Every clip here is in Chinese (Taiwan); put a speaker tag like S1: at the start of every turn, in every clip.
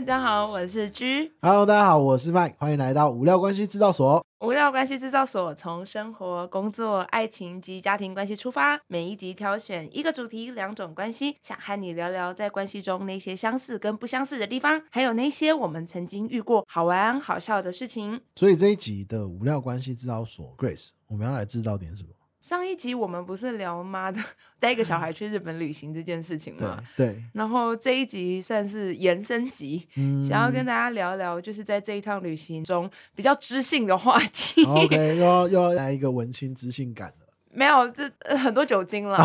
S1: 大家好，我是
S2: G。Hello，大家好，我是 Mike。歡迎來到無聊關係製造所。
S1: 無聊關係製造所從生活、工作、愛情及家庭關係出發，每一集挑選一個主題，兩種關係，想和你聊聊在關係中那些相似跟不相似的地方，還有那些我們曾經遇過好玩好笑的事情。
S2: 所以這一集的無聊關係製造所 Grace，我們要來製造點什麼？
S1: 上一集我們不是聊媽的帶一個小孩去日本旅行這件事情嗎？對。然後這一集算是延伸集，嗯、想要跟大家聊一聊，就是在這一趟旅行中比較知性的話題。OK，
S2: 又要又來一個文青知性感了。
S1: 沒有，這、呃、很多酒精了。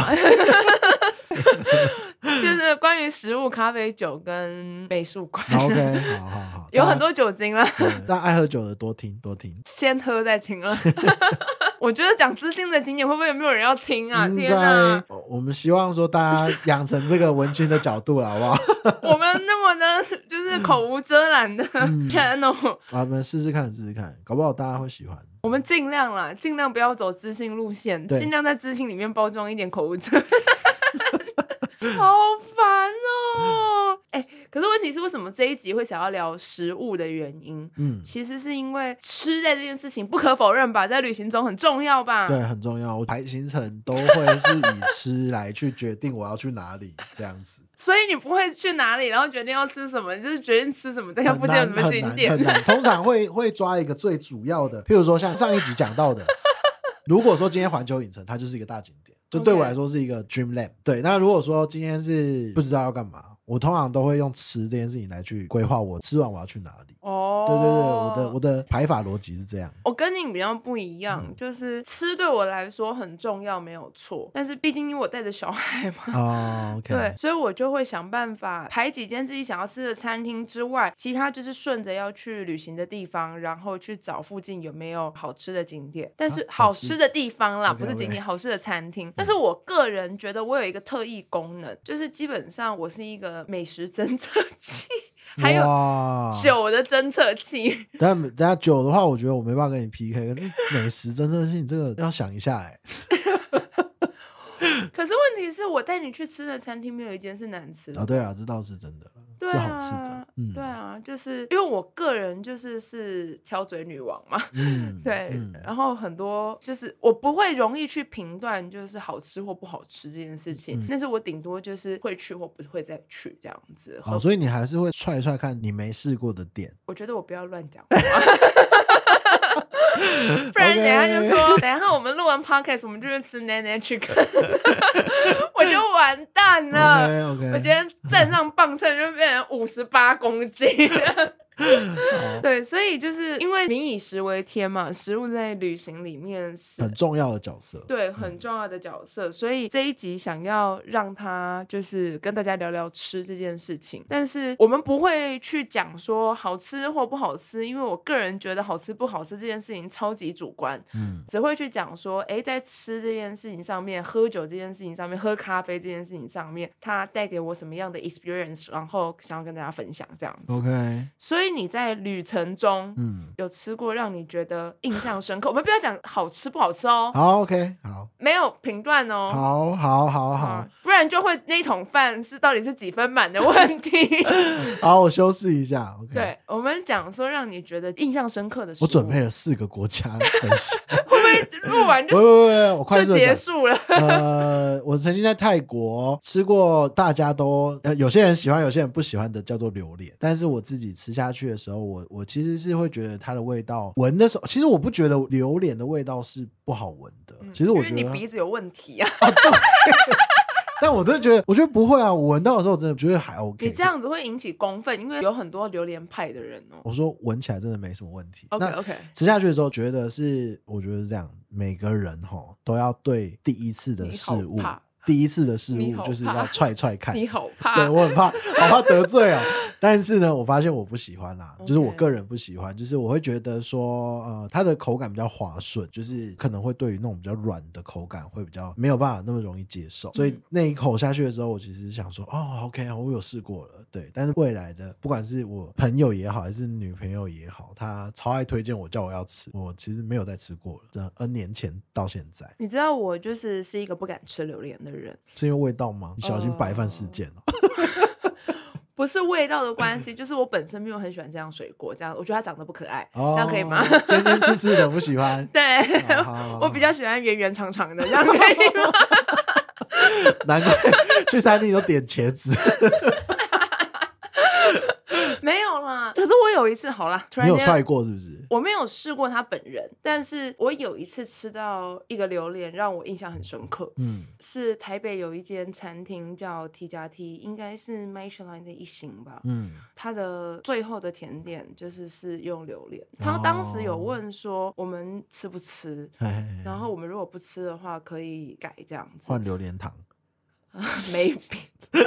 S1: 就是關於食物、咖啡、酒跟美術館。OK，好好好，有很多酒精了。
S2: 但愛喝酒的多聽多聽，
S1: 先喝再聽了。 我覺得講知性的景點會不會有沒有人要聽啊？該天
S2: 哪、啊哦！我們希望說大家養成這個文青的角度了， 好不好？
S1: 我們那麼呢，就是口無遮攔的、嗯、channel 啊，
S2: 我們試試看，試試看，搞不好大家會喜歡。
S1: 我們盡量啦，盡量不要走知性路線，盡對量在知性裡面包裝一點口無遮攔。 好煩哦、喔。可是問題是，為什麼這一集會想要聊食物的原因？嗯，其實是因為吃在這件事情不可否認吧，在旅行中很重要吧？對，很
S2: 重要。我排行程都會是以吃來去決定我要去哪裡 這樣子。
S1: 所以你不會去哪裡，然後決定要吃什麼，你就是決定吃什麼，再看附近有什麼景點？ 很難，
S2: 通常會會抓一個最主要的，譬如說像上一集講到的， 如果說今天環球影城它就是一個大景點，就對我來說是一個 dream land。Okay. 對，那如果說今天是不知道要幹嘛。我通常都會用吃這件事情來去規劃我吃完我要去哪裡。哦，對對對，我的我的排法邏輯是這樣。
S1: 我跟你比較不一樣，嗯，就是吃對我來說很重要，沒有錯。但是畢竟因為我帶着小孩嘛，
S2: 哦，okay，
S1: 對，所以我就會想辦法排幾間自己想要吃的餐廳之外，其他就是順着要去旅行的地方，然後去找附近有沒有好吃的景點。但是好、啊？好吃？好吃的地方啦，okay, okay，不是景點，好吃的餐廳。對。但是我個人覺得我有一個特異功能，就是基本上我是一個。美食偵測器，哇還有酒的偵測器。
S2: 但等下酒的話，我覺得我沒辦法跟你 PK。可是美食偵測器，你這個要想一下哎、欸。
S1: 可是問題是我帶你去吃的餐廳沒有一間是難吃的啊、哦！對啊，
S2: 這倒是真的。對啊，嗯、
S1: 對啊，就是因為我個人就是是挑嘴女王嘛，嗯、
S2: 對，嗯、
S1: 然後很多就是我不會容易去評斷就是好吃或不好吃這件事情，但、嗯、是我頂多就是會去或不會再去這樣子。
S2: 好、哦，所以你還是會踹一踹看你沒試過的店。
S1: 我覺得我不要亂講話。 不然等一下就說，Okay. 等一下我們錄完 podcast，我們就去吃奶奶去啃， 我就完蛋了。Okay, okay. 我今天站上磅秤就變成五十八公斤。 oh. 對，所以就是因為民以食為天嘛，食物在旅行裡面
S2: 是很重要的角色，對，很重要
S1: 的角色。嗯、所以這一集想要讓他就是跟大家聊聊吃這件事情，但是我們不會去講說好吃或不好吃，因為我個人覺得好吃不好吃這件事情超級主觀，嗯，只會去講說，哎、欸，在吃這件事情上面，喝酒這件事情上面，喝咖啡這件事情上面，他帶給我什麼樣的 experience，然後想要跟大家分享這樣子。OK，所以。你在旅程中，嗯，有吃過讓你覺得印象深刻？我們不要講好吃不好吃哦。好
S2: ，OK，好，
S1: 沒有評斷哦。
S2: 好，好，好，好，
S1: 不然就會那一桶飯是到底是幾分滿的問題。
S2: 好，我修飾一下。
S1: OK。對，我們講說讓你覺得印象深刻的
S2: 食物，我準備了四個國家的錄完就，我快結束了。呃，我曾經在泰國吃過，大家都呃，有些人喜歡，有些人不喜歡的，叫做榴蓮。但是我自己吃下去的時候，我我其實是會覺得它的味道聞的時候，其實我不覺得榴蓮的味道是不好聞的。其實我覺得、嗯、你鼻
S1: 子有問題啊。
S2: 但我真的覺得，我覺得不會啊！我聞到的時候，真的覺得還 OK。你
S1: 這樣子會引起公憤，因為有很多榴蓮派的人哦、喔。
S2: 我說聞起來真的沒什麼問題。OK OK，吃下去的時候覺得是，我覺得是這樣。每個人哈都要對第一次的事物。第一次的事物就是要踹踹看，你
S1: 好怕， 對，我很怕，好怕得罪哦、
S2: 啊。 但是呢，我發現我不喜歡啦、啊，Okay. 就是我個人不喜歡，就是我會覺得說，呃，它的口感比較滑順，就是可能會對於那種比較軟的口感會比較沒有辦法那麼容易接受。嗯、所以那一口下去的時候，我其實想說，哦，OK，我有試過了，對。但是未來的不管是我朋友也好，還是女朋友也好，他超愛推薦我叫我要吃，我其實沒有再吃過了。這 N 年前到現在，
S1: 你知道我就是是一個不敢吃榴蓮的人。人
S2: 是因為味道嗎？你小心白飯事件哦、喔！Oh,
S1: 不是味道的關係，就是我本身沒有很喜歡這樣水果，這樣我覺得它長得不可愛，oh, 這樣可以嗎？尖 尖刺
S2: 刺的不喜歡， 對、
S1: oh, 我比較喜歡圓圓長長的， 這樣可以嗎？
S2: 難怪 去餐廳都點茄子。
S1: 沒有啦，可是我有一次好啦，突然間你有踹過是不是？我沒有試過他本人，但是我有一次吃到一個榴蓮，讓我印象很深刻。嗯，是台北有一間餐廳叫 T 加 T，應該是 Michelin 的一星吧。嗯，它的最後的甜點就是是用榴蓮。然後，他當時有問說我們吃不吃，哎哎哎然後我們如果不吃的話，可以改這樣子，
S2: 換榴蓮糖。
S1: 沒病，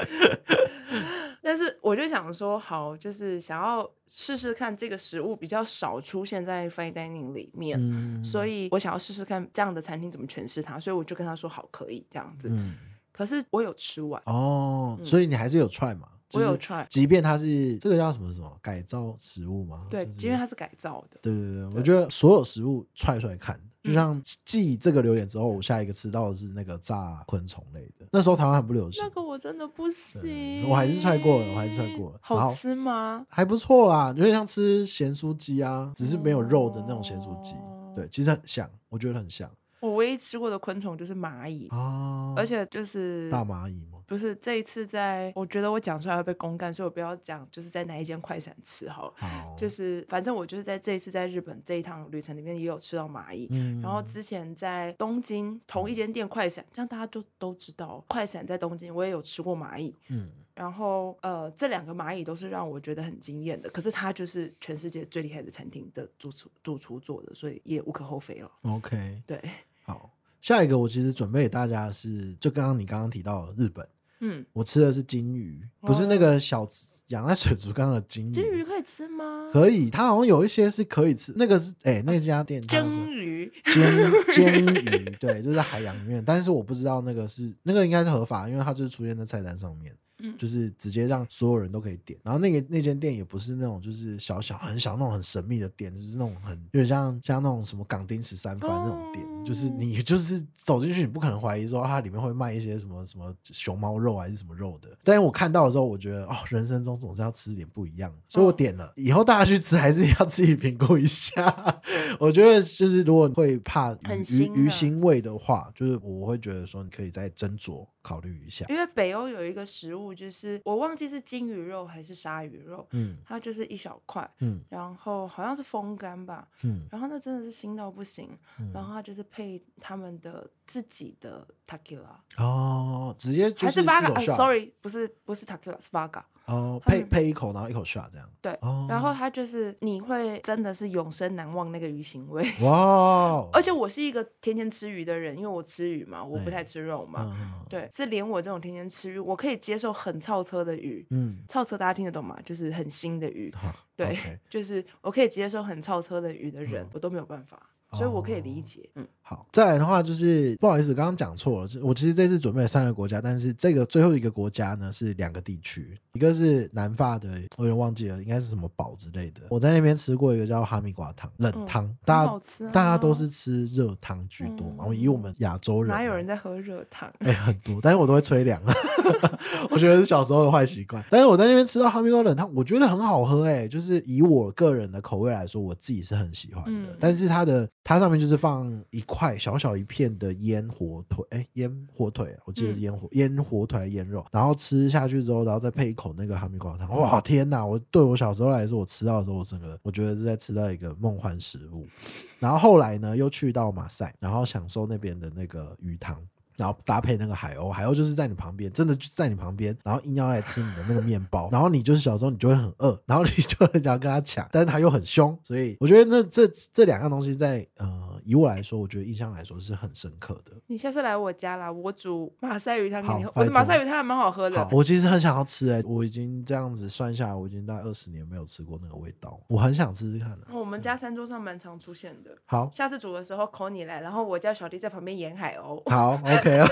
S1: 但是我就想說，好，就是想要試試看這個食物比較少出現在 fine dining 裡面，嗯、所以我想要試試看這樣的餐廳怎麼詮釋它，所以我就跟他說好，可以這樣子。嗯、可是我有吃完哦，嗯、
S2: 所以你還是有 try 嗎？我有 try 即便它是這個叫什麼什麼改造食物嗎？
S1: 對，即便它是改造的。
S2: 對對對，對對對，我覺得所有食物踹出來看，對就像繼這個榴蓮之後，對我下一個吃到的是那個炸昆蟲類的。那時候台灣很不流行，那
S1: 個我真的不行，我還是踹過了，我
S2: 還是踹過了。好吃嗎？還不錯啦，有點像吃鹹酥雞啊，只是沒有肉的那種鹹酥雞。嗯、對，其實很像，我覺得很像。
S1: 我唯一吃過的昆蟲就是螞蟻、啊、而且就是大螞蟻嘛不是，這一次在我覺得我講出來會被公幹，所以我不要講，就是在哪一間快閃吃哈，好就是反正我就是在這一次在日本這一趟旅程裡面也有吃到螞蟻，嗯、然後之前在東京同一間店快閃，嗯、這樣大家就都知道快閃在東京我也有吃過螞蟻，
S3: 嗯，
S1: 然後呃這兩個螞蟻都是讓我覺得很驚艷的，可是它就是全世界最厲害的餐廳的主廚主廚做的，所以也無可厚非
S2: 了。OK，、哦、
S1: 對。Okay. 好，
S2: 下一個我其實準備給大家的是，就剛剛你剛剛提到的日本，嗯，我吃的是鯨魚，不是那個小養在、哦、水族缸的金魚，鯨
S1: 魚可以吃嗎？
S2: 可以，它好像有一些是可以吃，那個是哎、欸、那家店叫、啊、
S3: 蒸魚，煎煎
S2: 魚， 對，就是海洋面，但是我不知道那個是那個應該是合法，因為它就是出現在菜單上面。就是直接讓所有人都可以點，然後那個那間店也不是那種就是小小很小那種很神秘的店，就是那種很有點像像那種什麼港町十三番那種店，嗯、就是你就是走進去你不可能懷疑說它裡面會賣一些什麼什麼熊貓肉還是什麼肉的。但是我看到的時候，我覺得哦，人生中總是要吃點不一樣的，所以我點了。哦、以後大家去吃還是要自己評估一下。 我覺得就是如果會怕魚魚、魚腥味的話，就是我會覺得說你可以再斟酌考慮一下。因為
S1: 北歐有一個食物，就是我忘記是金魚肉還是鯊魚肉，嗯，它就是一小塊，嗯，然後好像是風乾吧，嗯，然後那真的是腥到不行，嗯、然後它就是配他們的自己的 takila
S2: 哦，直接、就是、還是 v g a i m s o r r
S1: y 不是不是 t a k i l a v o g a
S2: 哦，呸呸一口，然後一口刷這樣，對，然
S1: 後它就是你會真的是永生難忘那個魚腥味哇！而且我是一個天天吃魚的人，因為我吃魚嘛，我不太吃肉嘛，對，是連我這種天天吃魚，我可以接受很超車的魚，嗯，超車大家聽得懂嗎？就是很腥的魚，對，就是我可以接受很超車的魚的人，我都沒有辦法，所以我可以理解，嗯。
S2: 好，再來的話就是不好意思，我剛剛講錯了。我其實這次準備了三個國家，但是這個最後一個國家呢是兩個地區，一個是南法的，我有點忘記了，應該是什麼堡之類的。我在那邊吃過一個叫哈密瓜湯冷湯，嗯、大家、啊、大家都是吃熱湯居多嘛。嗯、以我們亞洲人，哪
S1: 有人在喝熱湯？
S2: 哎、欸，很多，但是我都會吹涼了。 我覺得是小時候的壞習慣。但是我在那邊吃到哈密瓜冷湯，我覺得很好喝哎、欸，就是以我個人的口味來說，我自己是很喜歡的。嗯、但是它的它上面就是放一塊。塊小小一片的煙火腿，哎，煙火腿、啊，我記得煙火煙火腿煙肉，然後吃下去之後，然後再配一口那個哈密瓜湯，哇，天哪、啊！我對我小時候來說，我吃到的時候，我整個我覺得是在吃到一個夢幻食物。然後後來呢，又去到馬賽，然後享受那邊的那個魚湯，然後搭配那個海鷗，海鷗就是在你旁邊，真的就在你旁邊，然後硬要來吃你的那個麵包，然後你就是小時候你就會很餓，然後你就很想要跟他搶，但是他又很兇，所以我覺得這這兩樣東西在嗯、呃。以我來說，我覺得印象來說是很深刻的。
S1: 你下次來我家啦，我煮馬賽魚湯給你喝。好我的馬賽魚湯還蠻好喝的好。我
S2: 其實很想要吃哎、欸，我已經這樣子算下來，我已經大概二十年沒有吃過那個味道，我很想吃吃看。
S1: 我們家餐桌上蠻常出現的。嗯、好，下次煮的時候 call 你來，然後我叫小弟在旁邊演海鷗。好
S2: ，OK 哦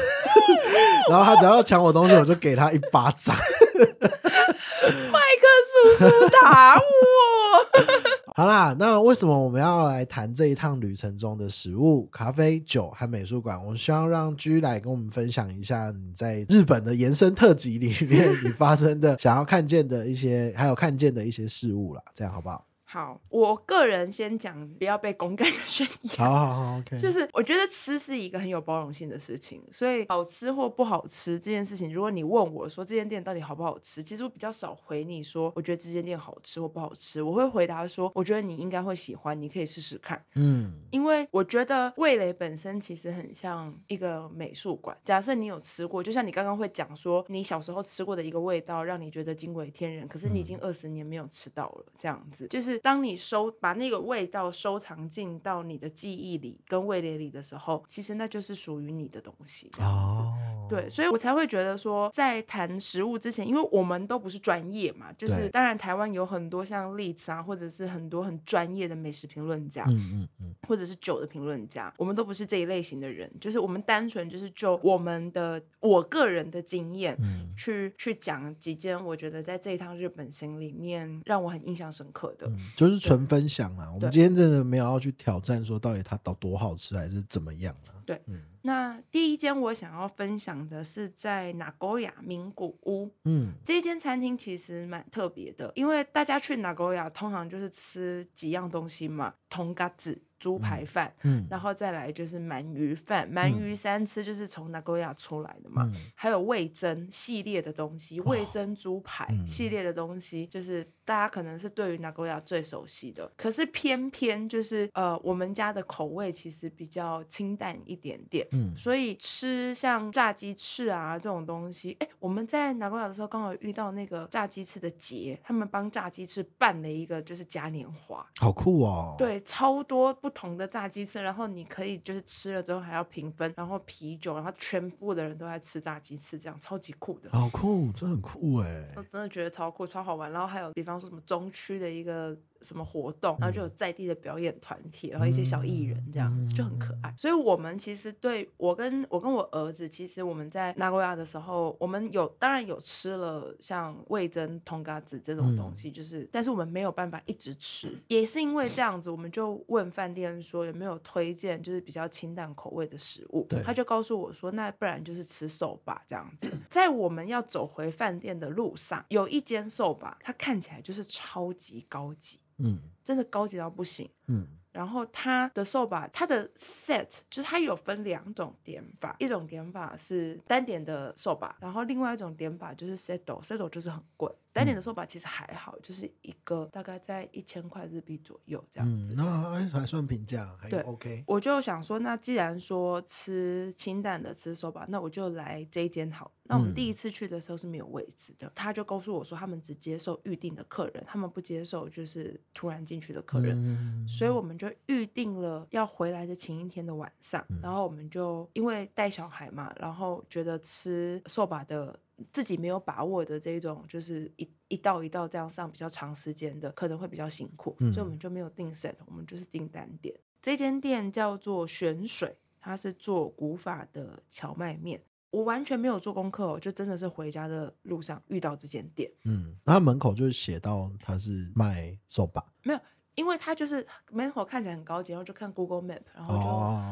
S2: 然後他只要搶我東西，我就給他一巴掌。
S1: 麥我 克叔叔打我。
S2: 好啦，那為什麼我們要來談這一趟旅程中的食物、咖啡、酒和美術館？我需要讓居來跟我們分享一下你在日本的延伸特輯裡面，你發生的、 想要看見的一些，還有看見的一些事物啦，這樣好不好？
S1: 好，我個人先講，不要被公開的宣言。好
S2: 好好，OK。就是
S1: 我覺得吃是一個很有包容性的事情，所以好吃或不好吃這件事情，如果你問我說這間店到底好不好吃，其實我比較少回你說我覺得這間店好吃或不好吃，我會回答說我覺得你應該會喜歡，你可以試試看，嗯，因為我覺得味蕾本身其實很像一個美術館。假設你有吃過，就像你剛剛會講說你小時候吃過的一個味道，讓你覺得驚為天人，可是你已經二十年沒有吃到了，嗯、這樣子就是。當你收把那個味道收藏進到你的記憶裡跟味蕾裡的時候，其實那就是屬於你的東西，這樣子。Oh. 對，所以我才會覺得說，在談食物之前，因為我們都不是專業嘛，就是當然台灣有很多像例子啊，或者是很多很專業的美食評論家，嗯嗯嗯，嗯嗯或者是酒的評論家，我們都不是這一類型的人，就是我們單純就是就我們的我個人的經驗去、嗯、去講幾件我覺得在這一趟日本行裡面讓我很印象深刻的，嗯、
S2: 就是純分享啊對我們今天真的沒有要去挑戰說到底它到多好吃還是怎麼樣啊。對，
S1: 那第一間我想要分享的是在 nagoya 名古屋。嗯，這間餐廳其實蠻特別的，因為大家去 nagoya 通常就是吃幾樣東西嘛，銅咖子豬排飯，嗯嗯、然後再來就是鰻魚飯，鰻魚三吃就是從 nagoya 出來的嘛，嗯、還有味噌系列的東西，味噌豬排系列的東西就是。大家可能是對於名古屋最熟悉的，可是偏偏就是呃，我們家的口味其實比較清淡一點點，嗯，所以吃像炸雞翅啊這種東西，哎、欸，我們在名古屋的時候剛好遇到那個炸雞翅的節，他們幫炸雞翅辦了一個就是嘉年華，
S2: 好酷哦。
S1: 對，超多不同的炸雞翅，然後你可以就是吃了之後還要評分，然後啤酒，然後全部的人都在吃炸雞翅，這樣超級酷的，
S2: 好酷，真的很酷哎、欸，我
S1: 真的覺得超酷超好玩，然後還有比方說。什麼中區的一個。什麼活動，然後就有在地的表演團體，然後一些小藝人這樣子、嗯、就很可愛。所以，我們其實對我跟我跟我兒子，其實我們在名古屋的時候，我們有當然有吃了像味噌通嘎子這種東西，就是、嗯、但是我們沒有辦法一直吃，也是因為這樣子，我們就問飯店說有沒有推薦就是比較清淡口味的食物，對他就告訴我說，那不然就是吃 soba 這樣子。 在我們要走回飯店的路上，有一間 soba，它看起來就是超級高級。嗯，真的高級到不行。嗯，然後它的手把，它的 set 就是它有分兩種點法，一種點法是單點的手把，然後另外一種點法就是 settle，settle 就是很貴。單點的 soba 其實還好，嗯、就是一個大概在一千塊日幣左右
S2: 這樣子，嗯、那還算平價，還對 OK。我
S1: 就想說，那既然說吃清淡的吃 soba，那我就來這一間好。那我們第一次去的時候是沒有位置的，嗯、他就告訴我說他們只接受預定的客人，他們不接受就是突然進去的客人。嗯、所以我們就預定了要回來的前一天的晚上，嗯、然後我們就因為帶小孩嘛，然後覺得吃 soba 的。自己沒有把握的這種，就是一一道一道這樣上比較長時間的，可能會比較辛苦，嗯、所以我們就沒有定 set，我們就是定單點。這間店叫做玄水，它是做古法的蕎麥麵。我完全沒有做功課哦、喔，就真的是回家的路上遇到這間店。
S2: 嗯，那門口就是寫到它是賣手把，
S1: 沒有。因為他就是門口看起來很高級，然後就看 Google Map，然後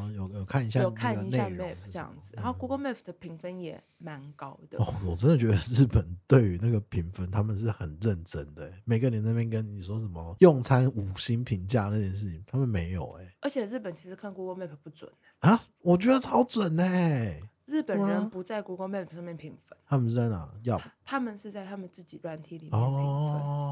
S1: 就有有看一下有看一下 Map 這樣子，然後 Google Map 的評分也蠻高的。哦，我
S2: 真的覺得日本對於那個評分，他們是很認真的。每個人那邊跟你說什麼用餐五星評價那件事情，他們沒有哎。
S1: 而且日本其實看 Google Map 不準
S2: 哎。啊，我覺得超準哎。
S1: 日本人不在 Google Map 上面評分，
S2: 他們是在哪？要他,
S1: 他們是在他們自己軟體裡面評分。哦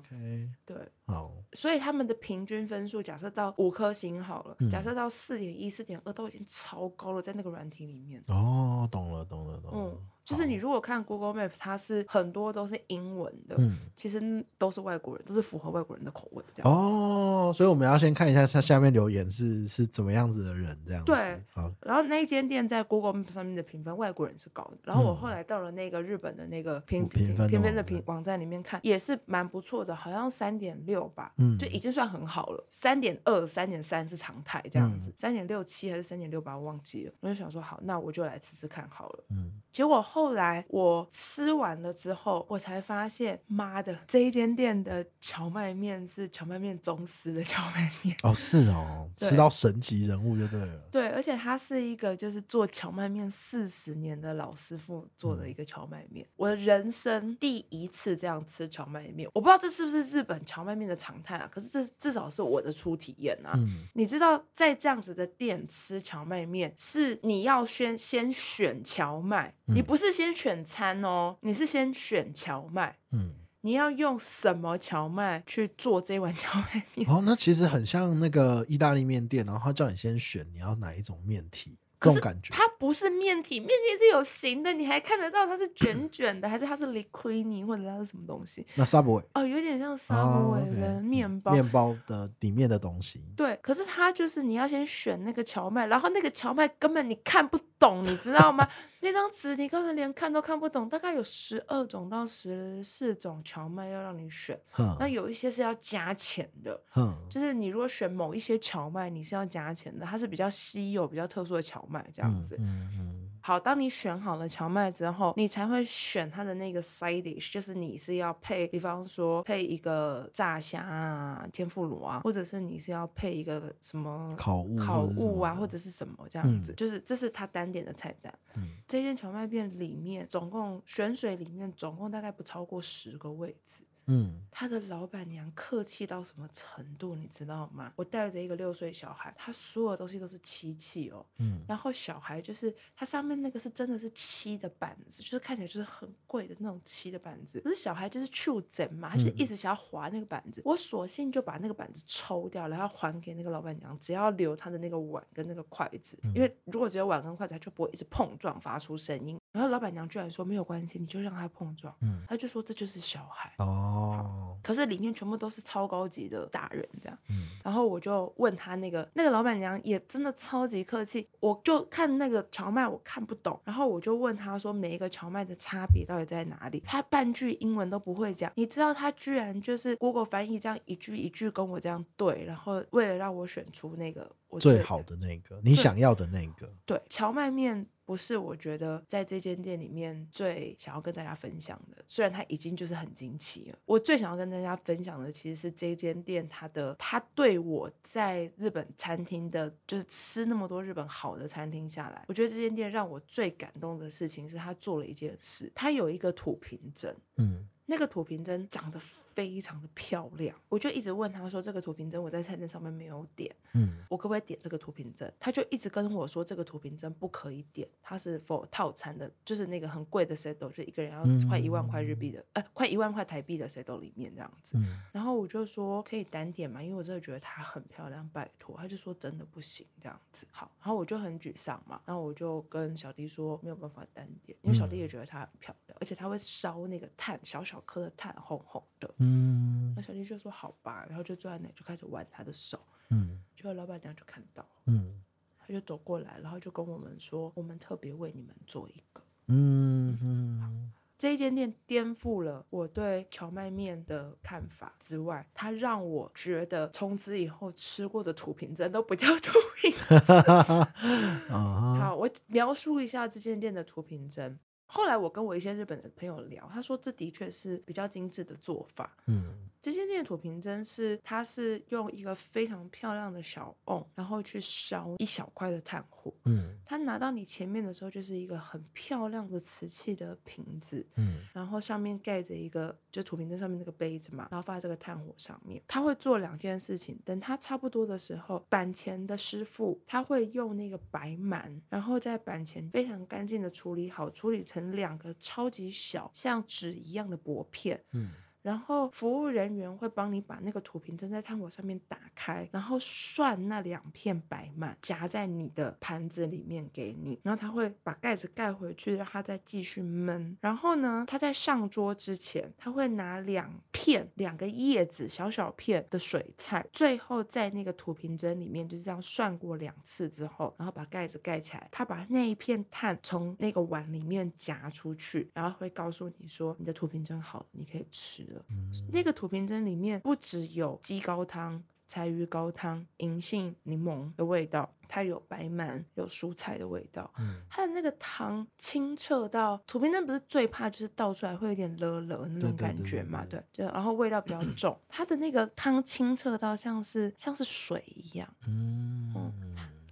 S2: OK，對，好
S1: ，oh. 所以他們的平均分數，假設到五顆星好了，嗯、假設到四點一、四點二，都已經超高了，在那個軟體裡面。哦
S2: ，oh, 懂了，懂了，懂了。嗯
S1: 就是你如果看 Google Map，哦、它是很多都是英文的，嗯、其實都是外國人，都是符合外國人的口味哦，
S2: 所以我們要先看一下它下面留言是是怎麼樣子的人這樣子。對，
S1: 哦、然後那一間店在 Google Map 上面的評分，外國人是高的。然後我後來到了那個日本的那個評、嗯、評分的網評分的網站裡面看，也是蠻不錯的，好像三點六吧，嗯、就已經算很好了。三點二、三點三是常態這樣子，三點六七還是三點六八，我忘記了。我就想說，好，那我就來吃吃看好了。嗯，結果。後來我吃完了之後，我才發現媽的，這一間店的蕎麥麵是蕎麥麵宗師的蕎麥
S2: 麵哦，是哦，對吃到神級人物就對
S1: 了。對，而且他是一個就是做蕎麥麵四十年的老師傅做的一個蕎麥麵，嗯、我的人生第一次這樣吃蕎麥麵，我不知道這是不是日本蕎麥麵的常態啊？可是這至少是我的初體驗啊！嗯，你知道在這樣子的店吃蕎麥麵是你要先先選蕎麥，你不、嗯。你是先選餐，哦，你是先選蕎麥，
S2: 嗯，
S1: 你要用什麼蕎麥去做這一碗蕎麥
S2: 麵？哦，那其實很像那個意大利麵店，然後他叫你先選你要哪一種麵體，這種感覺。
S1: 它不是麵體，麵體是有形的，你還看得到它是捲捲的， 還是它是 liquini 或者它是什麼東西？那 subway 哦，有點像 subway 的麵包麵
S2: 包的底，哦 okay 嗯、麵的東西。
S1: 對，可是它就是你要先選那個蕎麥，然後那個蕎麥根本你看不懂，你知道嗎？ 那張紙你可能連看都看不懂，大概有十二種到十四種蕎麥要讓你選，呵那有一些是要加錢的，呵就是你如果選某一些蕎麥，你是要加錢的，它是比較稀有，比較特殊的蕎麥這樣子。嗯嗯嗯。好，當你選好了蕎麥之後，你才會選它的那個 side dish，就是你是要配，比方說配一個炸蝦啊、天婦羅啊，或者是你是要配一個什麼烤物、啊、烤物啊，或者是什麼這樣子，嗯、就是這是它單點的菜單。嗯，這間蕎麥片裡面總共玄水裡面總共大概不超過十個位置。嗯，他的老闆娘客氣到什麼程度，你知道嗎？我帶着一個六歲小孩，他所有東西都是漆器哦。嗯，然後小孩就是他上面那個是真的是漆的板子，就是看起來就是很貴的那種漆的板子。可是小孩就是 touching 嘛，他就一直想要劃那個板子。嗯、我索性就把那個板子抽掉，然後還給那個老闆娘，只要留他的那個碗跟那個筷子，因為如果只有碗跟筷子，他就不會一直碰撞發出聲音。然後老闆娘居然說沒有關係，你就讓他碰撞。嗯，他就說，這就是小孩哦。可是裡面全部都是超高級的大人這樣。嗯，然後我就問他那個那個老闆娘也真的超級客氣。我就看那個蕎麥我看不懂，然後我就問他說，每一個蕎麥的差別到底在哪裡？他半句英文都不會講，你知道他居然就是 Google 翻譯這樣一句一句跟我這樣對，然後為了讓我選出那個我覺得最好的那個對你想要的那個對，對，蕎麥麵。不是，我覺得在這間店裡面最想要跟大家分享的，雖然他已經就是很驚奇了。我最想要跟大家分享的，其實是這間店，它的它對我在日本餐廳的，就是吃那麼多日本好的餐廳下來，我覺得這間店讓我最感動的事情是，它做了一件事，它有一個土瓶蒸，嗯，那個土瓶蒸長得。非常的漂亮，我就一直問他說：“這個土瓶蒸我在菜單上面沒有點，嗯，我可不可以點這個土瓶蒸？他就一直跟我說：“這個土瓶蒸不可以點，它是 for 套餐的，就是那個很貴的 settle 就一個人要快一萬塊日幣的，嗯、呃，快一萬塊台幣的 settle 裡面這樣子。嗯”然後我就說：“可以單點嘛，因為我真的覺得它很漂亮，拜託。”他就說：“真的不行這樣子。”好，然後我就很沮喪嘛，然後我就跟小迪說：“沒有辦法單點，因為小迪也覺得它很漂亮，嗯、而且它會燒那個炭，小小顆的炭，紅紅
S3: 的。嗯”嗯，那小
S1: 弟就說好吧，然後就坐在那，就開始玩他的手。嗯，結果老板娘就看到，嗯，他就走過來，然後就跟我們說：“我們特別為你們做一個。
S3: 嗯”嗯
S1: 嗯，這一間店顛覆了我對蕎麥麵的看法，之外，它讓我覺得從此以後吃過的土瓶蒸都不叫土瓶蒸。
S3: 好，
S1: 我描述一下這間店的土瓶蒸。後來我跟我一些日本的朋友聊，他說這的確是比較精緻的做法。嗯。這些電土瓶蒸是，它是用一個非常漂亮的小甕，然後去燒一小塊的炭火。嗯，它拿到你前面的時候，就是一個很漂亮的瓷器的瓶子。嗯，然後上面蓋着一個，就土瓶蒸上面那個杯子嘛，然後放在這個炭火上面。它會做兩件事情，等它差不多的時候，板前的師傅他會用那個白蠻，然後在板前非常乾淨的處理好，處理成兩個超級小像紙一樣的薄片。嗯。然後服務人員會幫你把那個土瓶蒸在炭火上面打開，然後涮那兩片白鰻，夾在你的盤子裡面給你。然後他會把蓋子蓋回去，讓它再繼續燜。然後呢，他在上桌之前，他會拿兩片兩個葉子小小片的水菜，最後在那個土瓶蒸裡面就是這樣涮過兩次之後，然後把蓋子蓋起來。他把那一片炭從那個碗裡面夾出去，然後會告訴你說，你的土瓶蒸好了，你可以吃。嗯、那個土瓶蒸裡面不只有雞高湯、柴魚高湯、銀杏、檸檬的味道，它有白米有蔬菜的味道。嗯、它的那個湯清澈到，土瓶蒸不是最怕就是倒出來會有點勒勒那種感覺嘛？對對，對，對，對。然後味道比較重，咳咳，它的那個湯清澈到像是像是水一樣。嗯。嗯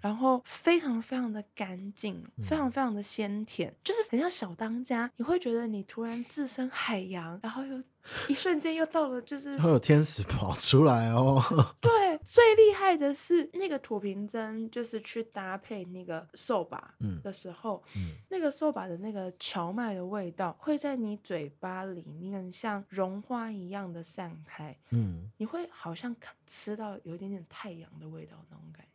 S1: 然後非常非常的乾淨，非常非常的鮮甜，嗯、就是很像小當家，你會覺得你突然置身海洋，然後又一瞬間又到了，就是會有天
S2: 使跑出來哦。
S1: 對，最厲害的是那個土瓶蒸，就是去搭配那個 soba，的時候，嗯嗯、那個 soba 的那個蕎麥的味道會在你嘴巴裡面很像絨花一樣的散開，
S3: 嗯、
S1: 你會好像吃到有一點點太陽的味道那種感覺。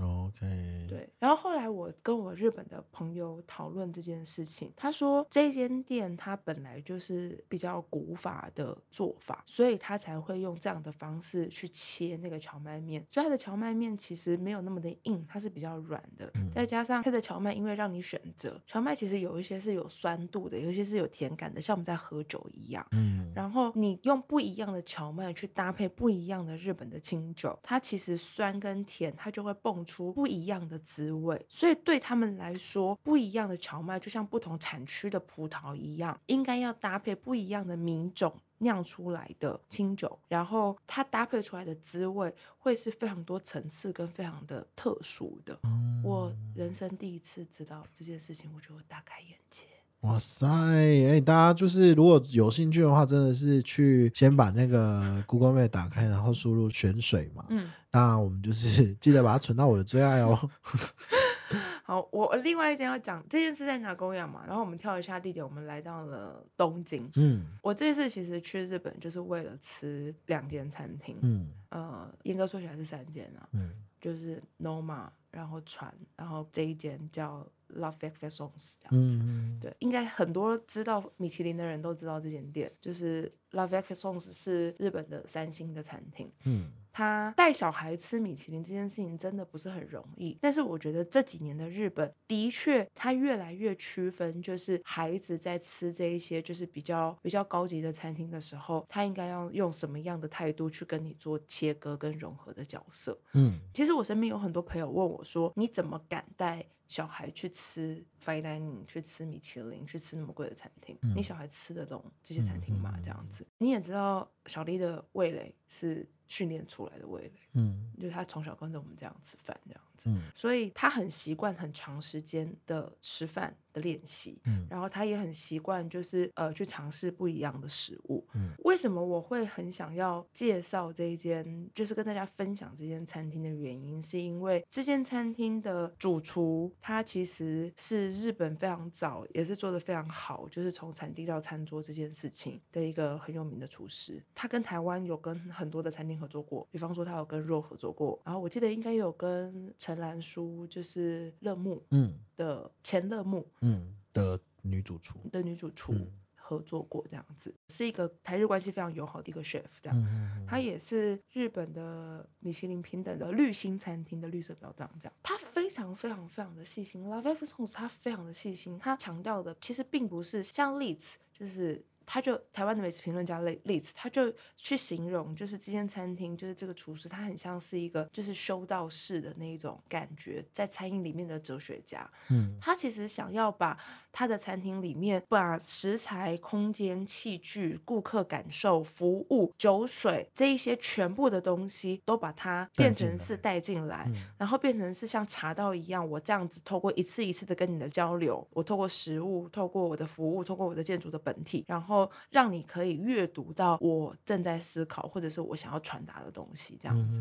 S1: OK，對。然後後來我跟我日本的朋友討論這件事情，他說這間店他本來就是比較古法的做法，所以他才會用這樣的方式去切那個蕎麥麵。所以他的蕎麥麵其實沒有那麼的硬，它是比較軟的。嗯。再加上他的蕎麥，因為讓你選擇，蕎麥其實有一些是有酸度的，有些是有甜感的，像我們在喝酒一樣。嗯。然後你用不一樣的蕎麥去搭配不一樣的日本的清酒，它其實酸跟甜它就會蹦出不一樣的滋味，所以對他們來說，不一樣的蕎麥就像不同產區的葡萄一樣，應該要搭配不一樣的米種釀出來的清酒，然後它搭配出來的滋味會是非常多層次跟非常的特殊的。我人生第一次知道這件事情，我就會大開眼
S2: 界。哇塞！哎、欸，大家就是如果有興趣的話，真的是去先把那個 Google Map 打開，然後輸入玄水嘛。嗯，那我們就是記得把它存到我的最愛哦、嗯。
S1: 好，我另外一間要講，這件事在哪供養嘛？然後我們跳一下地點，我們來到了東京。嗯，我這次其實去日本就是為了吃兩間餐廳。嗯，呃，嚴格說起來是三間啊。嗯，就是 Noma，然後船，然後這一間叫。L'Effervescence 這樣子，嗯嗯，對，應該很多知道米其林的人都知道這間店，就是 L'Effervescence 是日本的三星的餐廳，嗯，他帶小孩吃米其林這件事情真的不是很容易，但是我覺得這幾年的日本的確，他越來越區分，就是孩子在吃這一些就是比較比較高級的餐廳的時候，他應該要用什麼樣的態度去跟你做切割跟融合的角色，嗯，其實我身邊有很多朋友問我說，你怎麼敢帶？小孩去吃 fine dining，去吃米其林，去吃那麼貴的餐廳，嗯、你小孩吃得懂這些餐廳嗎？這樣子，嗯嗯嗯，你也知道小麗的味蕾是。訓練出來的味蕾，嗯，就他從小跟着我們這樣吃飯，這樣子，嗯，所以他很習慣很長時間的吃飯的練習，嗯，然後他也很習慣就是呃去嘗試不一樣的食物，嗯，為什麼我會很想要介紹這一間，就是跟大家分享這間餐廳的原因，是因為這間餐廳的主廚他其實是日本非常早也是做得非常好，就是從產地到餐桌這件事情的一個很有名的廚師，他跟台灣有跟很多的餐廳，合作過，比方說他有跟 RAW 合作過，然後我記得應該有跟陳嵐舒，就是樂沐，嗯的前樂沐，嗯
S2: 的女主廚
S1: 的女主廚合作過，這樣子是一個台日關係非常友好的一個 chef，這樣，嗯嗯嗯、他也是日本的米其林評等的綠星餐廳的綠色表彰，這樣，他非常非常非常的細心，L'Effervescence 他非常的細心。嗯、他強調的其實並不是像香子，就是。他就台灣的美食評論家 Liz，他就去形容，就是這間餐廳，就是這個廚師，他很像是一個就是修道士的那一種感覺，在餐飲裡面的哲學家。嗯，他其實想要把他的餐廳裡面，把食材、空間、器具、顧客感受、服務、酒水這一些全部的東西，都把它變成是帶進來，來嗯、然後變成是像茶道一樣，我這樣子透過一次一次的跟你的交流，我透過食物，透過我的服務，透過我的建築的本體，然後。讓你可以閱讀到我正在思考或者是我想要傳達的東西，這樣子。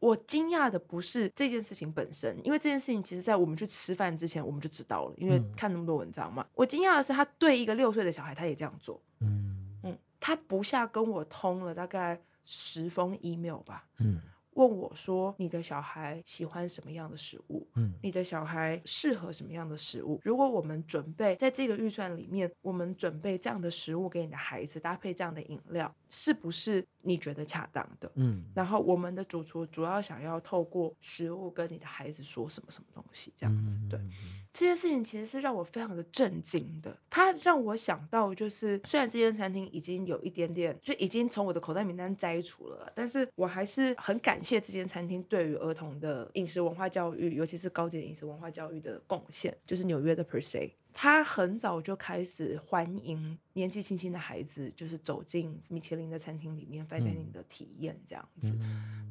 S1: 我驚訝的不是這件事情本身，因為這件事情其實在我們去吃飯之前我們就知道了，因為看那麼多文章嘛。我驚訝的是他對一個六歲的小孩，他也這樣做。嗯，他不下跟我通了大概十封 email 吧。嗯。問我說：“你的小孩喜歡什麼樣的食物？嗯，你的小孩適合什麼樣的食物？如果我們準備在這個預算裡面，我們準備這樣的食物給你的孩子搭配這樣的飲料，是不是？”你覺得恰當的，嗯，然後我們的主廚主要想要透過食物跟你的孩子說什麼什麼東西這樣子，對，嗯嗯嗯，這件事情其實是讓我非常的震驚的。它讓我想到就是，雖然這間餐廳已經有一點點就已經從我的口袋名單摘除了，但是我還是很感謝這間餐廳對於兒童的飲食文化教育，尤其是高級的飲食文化教育的貢獻，就是紐約的 Per Se。他很早就開始歡迎年紀輕輕的孩子，就是走進米其林的餐廳裡面，帶給你的體驗這樣子。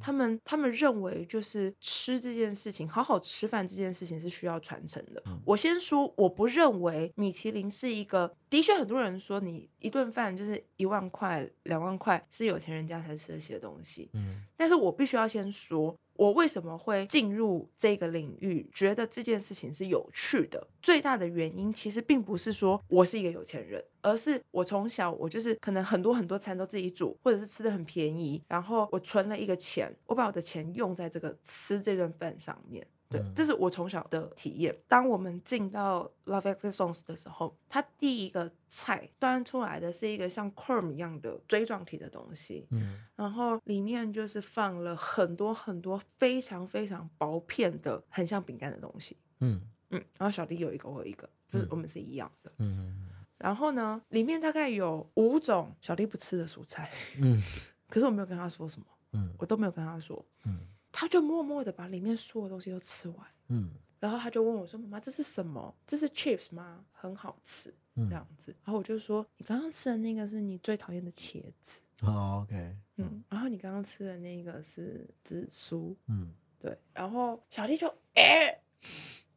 S1: 他們他們認為，就是吃這件事情，好好吃飯這件事情是需要傳承的。我先說，我不認為米其林是一個。的確，很多人說你一頓飯就是一萬塊、兩萬塊是有錢人家才吃得起的東西。嗯，但是我必須要先說，我為什麼會進入這個領域，覺得這件事情是有趣的，最大的原因其實並不是說我是一個有錢人，而是我從小我就是可能很多很多餐都自己煮，或者是吃得很便宜，然後我存了一個錢，我把我的錢用在這個吃這頓飯上面。對，這是我從小的體驗。當我們進到 L'Effervescence 的時候，它第一個菜端出來的是一個像 cone 一樣的錐狀體的東西，嗯、然後裡面就是放了很多很多非常非常薄片的，很像餅乾的東西，嗯然後小弟有一個，我有一個，這是我們是一樣的，
S3: 嗯
S1: 嗯、然後呢，裡面大概有五種小弟不吃的蔬菜，嗯，可是我沒有跟他說什麼，嗯，我都沒有跟他說，嗯。他就默默的把裡面所有東西都吃完，嗯，然後他就問我說：“媽媽，這是什麼？這是 chips 嗎？很好吃，嗯、這樣子。”然後我就說：“你剛剛吃的那個是你最討厭的茄子。哦、”OK，嗯，嗯，然後你剛剛吃的那個是紫蘇，嗯，對。然後小弟就：“哎，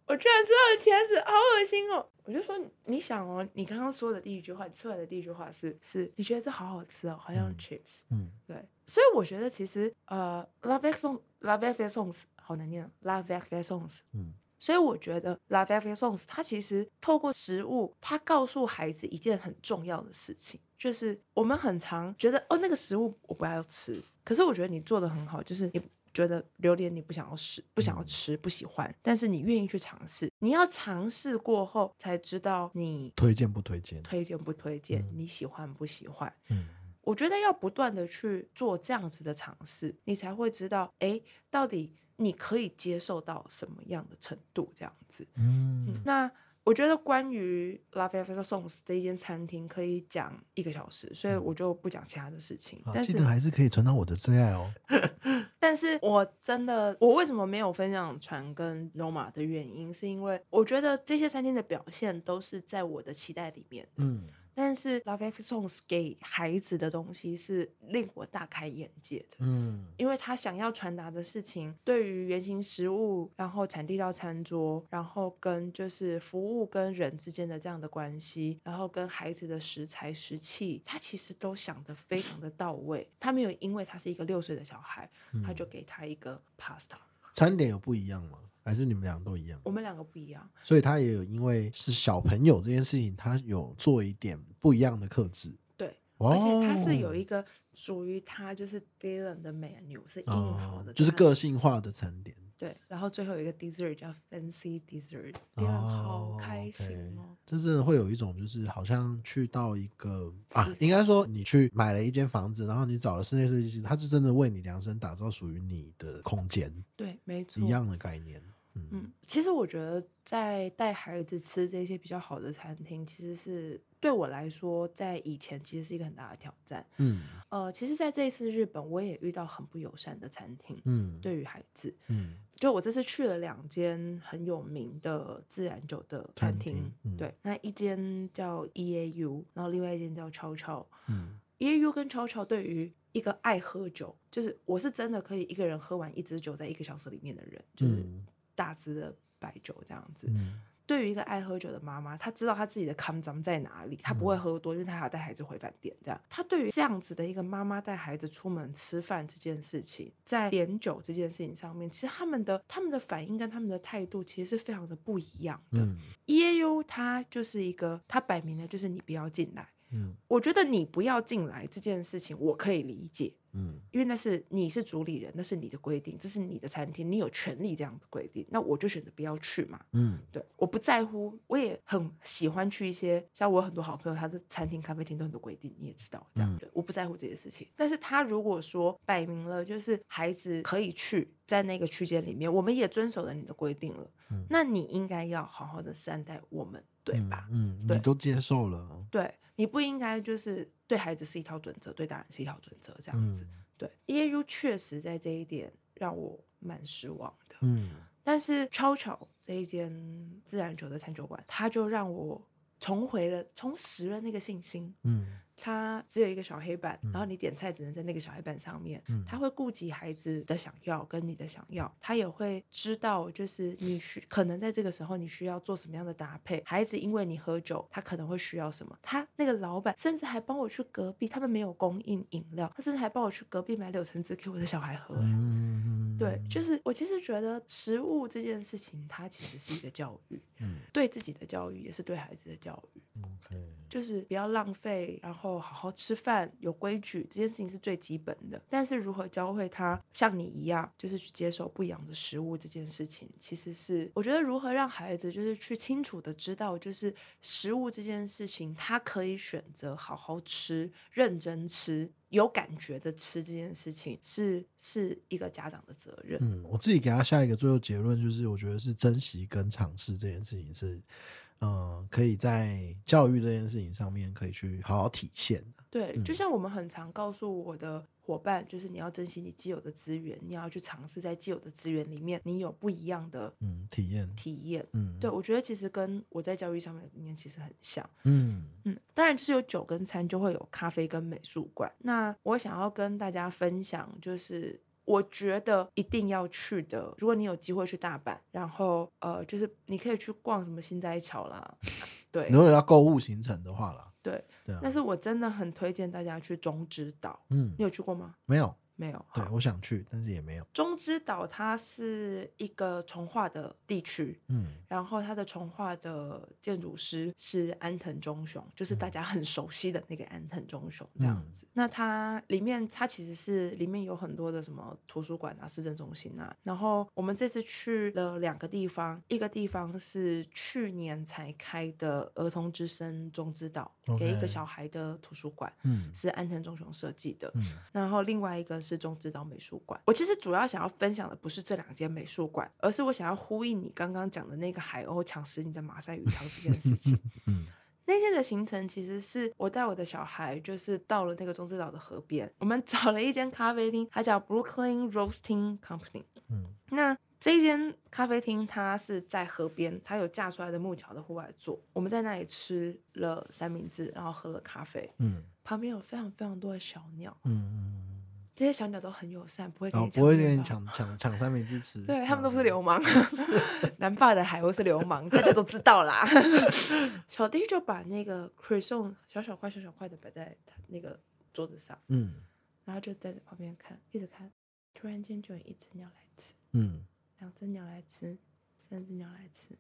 S1: 我居然吃到茄子，好噁心哦！”我就說：“你想哦，你剛剛說的第一句話，你吃完的第一句話是是，你覺得這好好吃哦，好像 chips，嗯，嗯對。所以我覺得其實呃，Love L'Effervescence 好難念。L'Effervescence 嗯， 所以我覺得 L'Effervescence 它其實透過食物，它告訴孩子一件很重要的事情，就是我們很常覺得哦，那個食物我不要吃，可是我覺得你做得很好，就是你覺得榴蓮你不想要吃、不想要吃、不喜歡，嗯、但是你願意去嘗試，你要嘗試過後才知道你
S2: 推薦不推薦、推
S1: 薦不推薦、嗯、你喜歡不喜歡，嗯。我覺得要不斷的去做這樣子的嘗試，你才會知道，哎，到底你可以接受到什麼樣的程度這樣子。
S3: 嗯，
S1: 那我覺得關於《L'Effervescence》這一間餐廳可以講一個小時，所以我就不講其他的事情。我、嗯、是記得還
S2: 是可以傳到我的最愛哦。
S1: 但是，我真的，我為什麼沒有分享傳跟羅馬的原因，是因為我覺得這些餐廳的表現都是在我的期待裡面。嗯。但是 L'Effervescence 給孩子的東西是令我大開眼界
S3: 的，嗯，
S1: 因為他想要傳達的事情，對於原型食物，然後產地到餐桌，然後跟就是服務跟人之間的這樣的關係，然後跟孩子的食材、食器，他其實都想得非常的到位。他沒有因為他是一個六歲的小孩，嗯、他就給他一個 pasta，
S2: 餐點有不一樣嗎？還是你們兩個都一樣？
S1: 我們兩個不一樣，
S2: 所以他也有因為是小朋友這件事情，他有做一點不一樣的客製。
S1: 對，而且他是有一個屬於他就是 Dylan 的 menu、哦、是印好的，就
S2: 是個性化的餐點。
S1: 對，然後最後有一個 dessert 叫 fancy dessert、哦、Dylan 好
S2: 開心哦，就是、okay, 會有一種就是好像去到一個是啊，是應該說你去買了一間房子，然後你找了室內設計師，他是真的為你量身打造屬於你的空間。
S1: 對，沒錯，一樣
S2: 的概念。
S1: 嗯，其實我覺得在帶孩子吃這些比較好的餐廳，其實是對我來說，在以前其實是一個很大的挑戰。嗯，呃，其實在這一次日本，我也遇到很不友善的餐廳。嗯，對於孩子，嗯，嗯，就我這次去了兩間很有名的自然酒的餐廳。餐廳嗯、對，那一間叫 E A U，然後另外一間叫 CHOWCHOW。嗯，E A U 跟 CHOWCHOW，對於一個愛喝酒，就是我是真的可以一個人喝完一支酒，在一個小時裡面的人，就是。嗯大支的白酒這樣子，嗯、對於一個愛喝酒的媽媽，她知道她自己的 come 在哪裡，她不會喝多，因為她還要帶孩子回飯店。這樣，嗯、她對於這樣子的一個媽媽帶孩子出門吃飯這件事情，在點酒這件事情上面，其實他們的他們的反應跟他們的態度其實是非常的不一樣的。eau 他就是一個，她擺明了就是你不要進來。嗯，我覺得你不要進來這件事情，我可以理解。
S3: 嗯，
S1: 因為那是你是主理人，那是你的規定，這是你的餐廳，你有權利這樣的規定。那我就選擇不要去嘛。嗯，對，我不在乎，我也很喜歡去一些，像我很多好朋友，他的餐廳、咖啡廳都很多規定，你也知道這樣。嗯，對，我不在乎這些事情。但是他如果說擺明了就是孩子可以去，在那個區間裡面，我們也遵守了你的規定了。嗯，那你應該要好好的善待我們，
S2: 對吧？嗯，嗯，你都接受了。對。
S1: 對你不應該就是對孩子是一套準則，對大人是一套準則這樣子。嗯、對，eau 確實在這一點讓我蠻失望的。嗯，但是超巧這一間自然酒的餐酒館，他就讓我重回了，重拾了那個信心。嗯。他只有一個小黑板，嗯、然後你點菜只能在那個小黑板上面。嗯、他會顧及孩子的想要跟你的想要，他也會知道，就是你需可能在這個時候你需要做什麼樣的搭配。孩子因為你喝酒，他可能會需要什麼？他那個老闆甚至還幫我去隔壁，他們沒有供應飲料，他甚至還幫我去隔壁買柳橙汁給我的小孩喝，啊。嗯。對，就是我其實覺得食物這件事情，它其實是一個教育，嗯、對自己的教育也是對孩子的教育。嗯、OK。就是不要浪費，然後好好吃飯，有規矩這件事情是最基本的。但是如何教會他像你一樣，就是去接受不一樣的食物這件事情，其實是我覺得如何讓孩子就是去清楚的知道，就是食物這件事情，他可以選擇好好吃、認真吃、有感覺的吃這件事情，是是一個家長的責任。嗯，
S2: 我自己給他下一個最後結論，就是我覺得是珍惜跟嘗試這件事情是。嗯、呃，可以在教育這件事情上面可以去好好體現。對，就
S1: 像我們很常告訴我的伙伴，嗯、就是你要珍惜你既有的資源，你要去嘗試在既有的資源裡面，你有不一樣的嗯體驗體驗。嗯，體驗。嗯，對，我覺得其實跟我在教育上面的理念其實很像。嗯嗯，當然就是有酒跟餐，就會有咖啡跟美術館。那我想要跟大家分享就是。我覺得一定要去的。如果你有機會去大阪，然後呃，就是你可以去逛什麼心齋橋啦，對。
S2: 如果你要購物行程的話啦，
S1: 對對。對啊，但是我真的很推薦大家去中之島。嗯，你有去過嗎？沒有。沒有，對
S2: 我想去，但是也沒有。
S1: 中之島它是一個重劃的地區，
S2: 嗯，
S1: 然後它的重劃的建築師是安藤忠雄，就是大家很熟悉的那個安藤忠雄這樣子。嗯、那它裡面，它其實是裡面有很多的什麼圖書館啊、市政中心啊。然後我們這次去了兩個地方，一個地方是去年才開的兒童之森中之島，嗯、給一個小孩的圖書館，嗯，是安藤忠雄設計的，嗯，然後另外一個。是中之島美術館，我其實主要想要分享的不是這兩間美術館，而是我想要呼應你剛剛講的那個海鷗搶食你的馬賽魚湯這件事情。 嗯，那天的行程其實是我帶我的小孩，就是到了那個中之島的河邊，我們找了一間咖啡廳，它叫 Brooklyn Roasting Company。嗯，那這間咖啡廳它是在河邊，它有架出來的木橋的戶外座，我們在那裡吃了三明治，然後喝了咖啡。嗯，旁邊有非常非常多的小鳥。嗯。這些小鳥都很友善，不會講、哦、不會跟
S2: 你搶搶搶三明治吃， 對
S1: 他們都不是流氓。藍髮、嗯、 的海鷗是流氓， 大家都知道啦。 小弟就把那個 croissant 小小塊、小小塊的擺在他那個桌子上，嗯，然後就站在旁邊看，一直看。突然間就有一只鳥來吃，嗯兩
S2: 吃，
S1: 兩隻鳥來吃，三隻鳥來吃，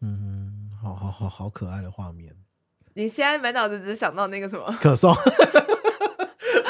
S1: 嗯，
S2: 好好好好可愛的畫面。
S1: 你現在滿腦子只想到那個什麼？可頌。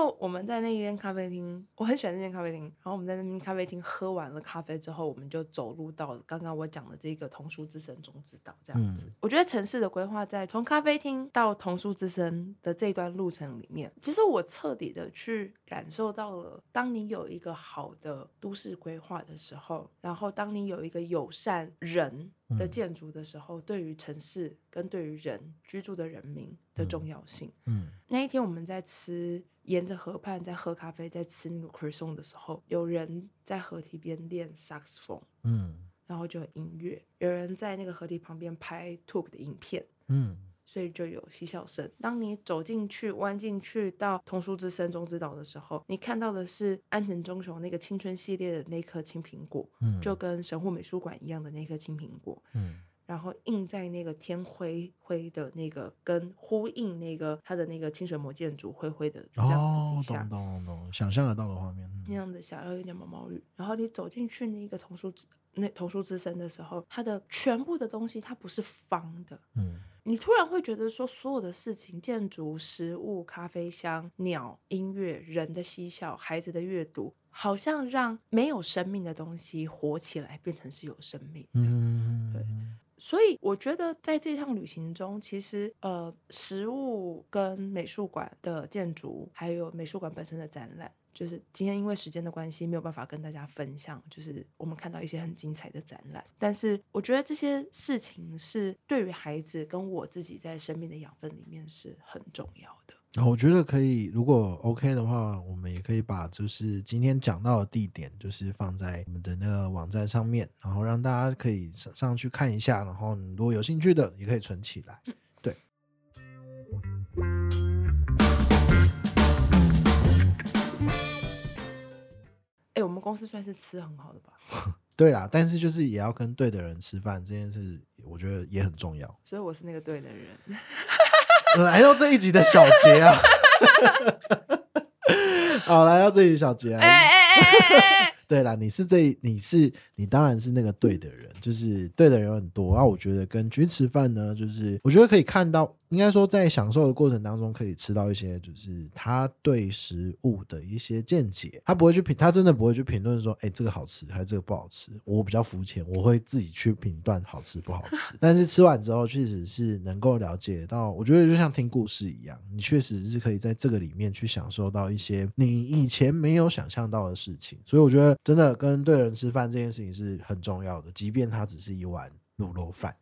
S1: 然後我們在那間咖啡廳，我很喜歡那間咖啡廳。然後我們在那間咖啡廳喝完了咖啡之後，我們就走路到了剛剛我講的這個童書之森中之島這樣子。嗯、我覺得城市的規劃在從咖啡廳到童書之森的這段路程裡面，其實我徹底的去感受到了，當你有一個好的都市規劃的時候，然後當你有一個友善人的建築的時候，嗯、對於城市跟對於人居住的人民的重要性。嗯，嗯那一天我們在吃。沿着河畔在喝咖啡，在吃那個 croissant 的時候，有人在河堤邊練 saxophone，嗯，然後就有音樂；有人在那個河堤旁邊拍 tok 的影片，嗯，所以就有嬉笑聲。當你走進去、彎進去到童書之森中之島的時候，你看到的是安藤忠雄那個青春系列的那顆青蘋果，嗯、就跟神戶美術館一樣的那顆青蘋果，嗯。然後映在那個天灰灰的，那個跟呼應那個它的那個清水模建築灰灰的這樣子
S2: 哦，想象得到的畫面，
S1: 嗯、那樣的小，要有點毛毛雨。然後你走進去那個童書那童書之森的時候，它的全部的東西，它不是方的，嗯、你突然會覺得說，所有的事情、建築、食物、咖啡香、鳥、音樂、人的嬉笑、孩子的閱讀，好像讓沒有生命的東西活起來，變成是有生命，嗯，對。所以我覺得，在這趟旅行中，其實呃，食物跟美術館的建築，還有美術館本身的展覽，就是今天因為時間的關係，沒有辦法跟大家分享。就是我們看到一些很精彩的展覽，但是我覺得這些事情是對於孩子跟我自己在生命的養分裡面是很重
S2: 要的。然後我覺得可以，如果 OK 的話，我們也可以把就是今天講到的地點，就是放在我們的那個網站上面，然後讓大家可以上上去看一下，然後如果有興趣的也可以存起來。嗯、對。
S1: 哎、欸，我們公司算是吃很好的吧？
S2: 對啦，但是就是也要跟對的人吃飯這件事，我覺得也很重要。
S1: 所以我是那個對的人。
S2: 來到這一集的小杰啊， 好，來到這一集小杰，啊對啦，你是這，你是你，當然是那個對的人，就是對的人有很多啊。我覺得跟菊池吃飯呢，就是我覺得可以看到。應該說，在享受的過程當中，可以吃到一些，就是他對食物的一些見解。他不會去評，他真的不會去評論說，哎，這個好吃還是這個不好吃。我比較膚淺，我會自己去評斷好吃不好吃。但是吃完之後，確實是能夠了解到，我覺得就像聽故事一樣，你確實是可以在這個裡面去享受到一些你以前沒有想象到的事情。所以我覺得，真的跟對人吃飯這件事情是很重要的，即便它只是一碗滷肉飯。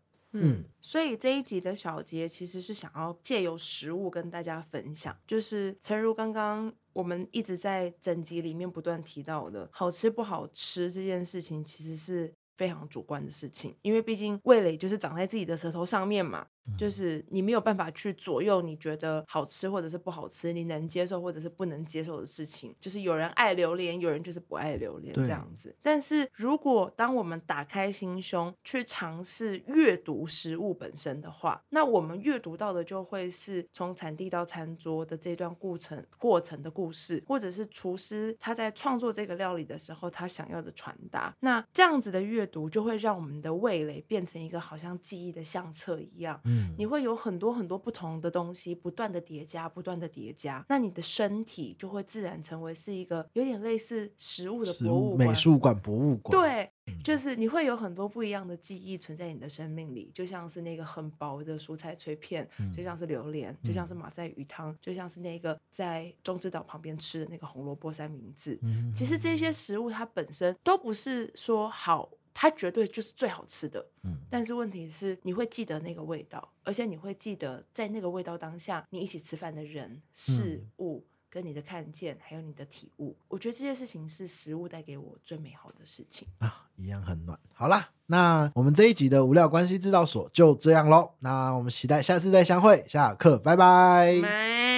S1: 嗯，所以這一集的小結，其實是想要借由食物跟大家分享，就是誠如剛剛我們一直在整集裡面不斷提到的，好吃不好吃這件事情，其實是非常主觀的事情，因為畢竟味蕾就是長在自己的舌頭上面嘛。就是你沒有辦法去左右你覺得好吃或者是不好吃，你能接受或者是不能接受的事情。就是有人愛榴蓮，有人就是不愛榴蓮這樣子。對但是如果當我們打開心胸去嘗試閱讀食物本身的話，那我們閱讀到的就會是從產地到餐桌的這段過程，過程的故事，或者是廚師他在創作這個料理的時候，他想要的傳達。那這樣子的閱讀就會讓我們的味蕾變成一個好像記憶的相冊一樣。嗯你會有很多很多不同的東西不斷的疊加，不斷的疊加，那你的身體就會自然成為是一個有點類似食物的博物館、食物美術
S2: 館、博物館。對，
S1: 嗯、就是你會有很多不一樣的記憶存在你的生命裡，就像是那個很薄的蔬菜脆片，嗯、就像是榴蓮，就像是馬賽魚湯，嗯、就像是那個在中之島旁邊吃的那個紅蘿蔔三明治。嗯、其實這些食物它本身都不是說好。它絕對就是最好吃的，嗯。但是問題是，你會記得那個味道，而且你會記得在那個味道當下，你一起吃飯的人、事物、嗯、跟你的看見，還有你的體悟。我覺得這些事情是食物帶給我最美好的事情啊，
S2: 一樣很暖。好啦，那我們這一集的無料關係製造所就這樣嘍。那我們期待下次再相會，下課，拜拜。拜拜